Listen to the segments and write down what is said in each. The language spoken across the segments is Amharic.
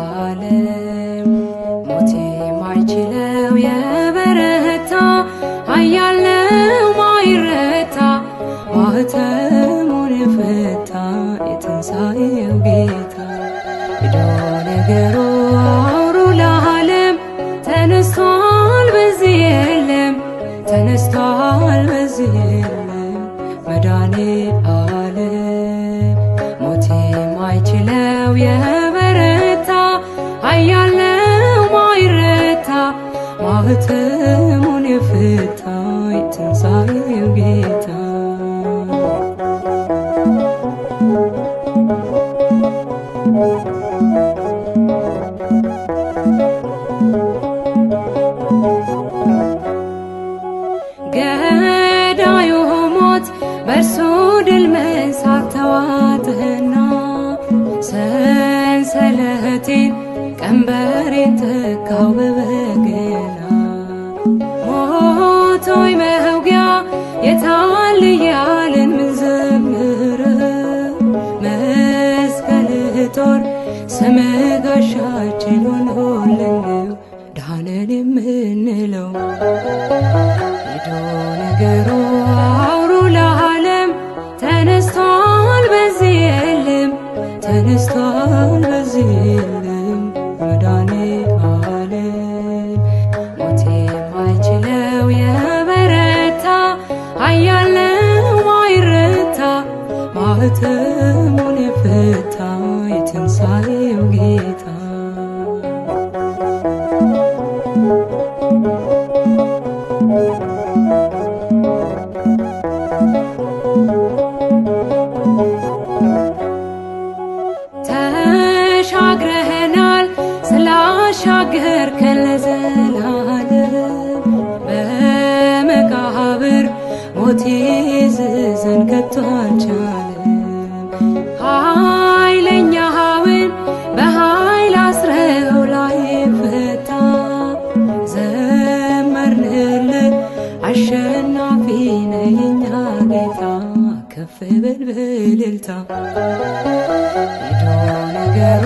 ዓለም ሞቴ የማይችለው የበረታ ኃያል ነው ማይረታ ማኅተሙን የፈታ የትንሣኤው ጌታ ሄዶ ነገሩ አውሩ ለዓለም ተነስቷል በዚህ የለም ተነስቷል በዚህ የለም መድኃኔ ዓለም ሞት የማይችለው ከተሙን የፈታኝ ትንሣኤው ጌታ ገዳዩ ሞት በእርሱ ድል መንሳት ተዋጥህና ሰንሰለቴን ቀንበሬን ተካው ሄዶ ነገሩ ሞቴ ዝዘን ከቶ አልቻለም። ኃይለኛ ሀብን በኃይል አስረው ላይ ፈታ ዘመርንለት አሸናፊ ነየኛ ጌታ ከፍ በል በእልልታ ሄዶ ነገሩ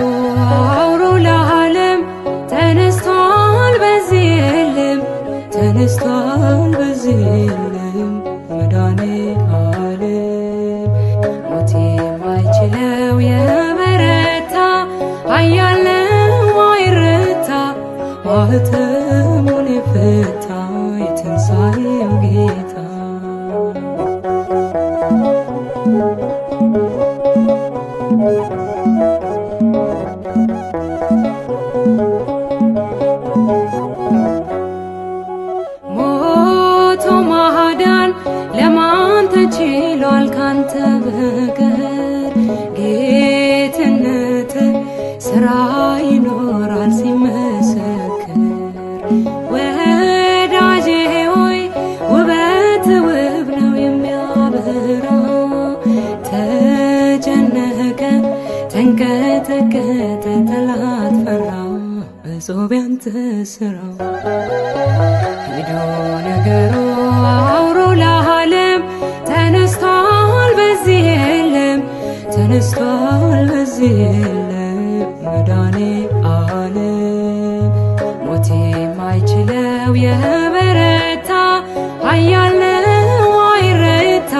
ማህተሙን የፈታ የትንሣኤው ጌታ ሞቶ ማዳን ለማን ተችሏል ካንተ በቀር ጌትነት ስራ ይኖር ተንቀጠቀጠ ጠላት ፈራው ብዙ ቢያንተ ስራው ሄዶ ነገሩ አውሮ ለዓለም ተነስቷል በዚህ የለም ተነስቷል በዚህ የለም መዳኔ ዓለም ሞት የማይችለው የበረታ ኃያል ነው አይረታ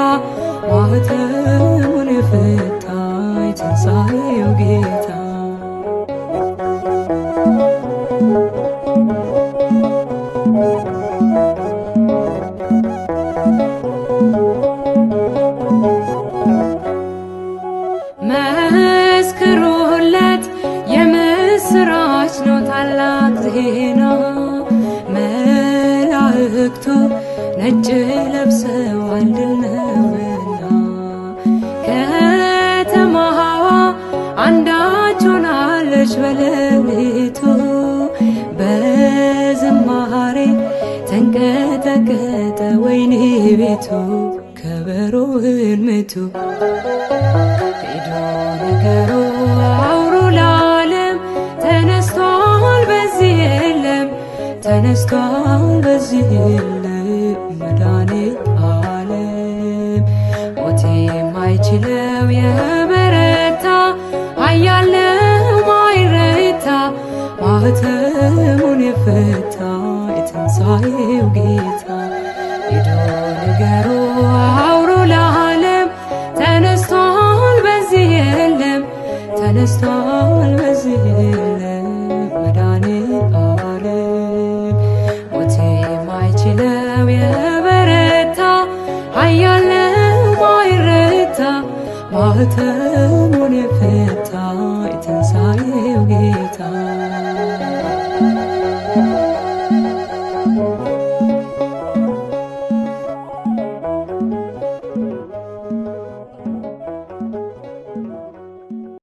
መስክሩለት የምስራች ነው ታላቅ ዜና። መላእክቱ ነጭ ለብሰው አንድነውና ከተማዋ አንዳች ሆናለች በሌሊቱ በዝማሬ ተንቀጠቀጠ ወይኒ ቤቱ ከበሮህን ምቱ ሄዱ ነገሩ አውሩ ለዓለም ተነስቷል በዚህ የለም ተነስቷል በዚህ የለም ነው የበረታ ኃያል ማይረታ ማኅተሙን የፈታ የትንሣኤው ጌታ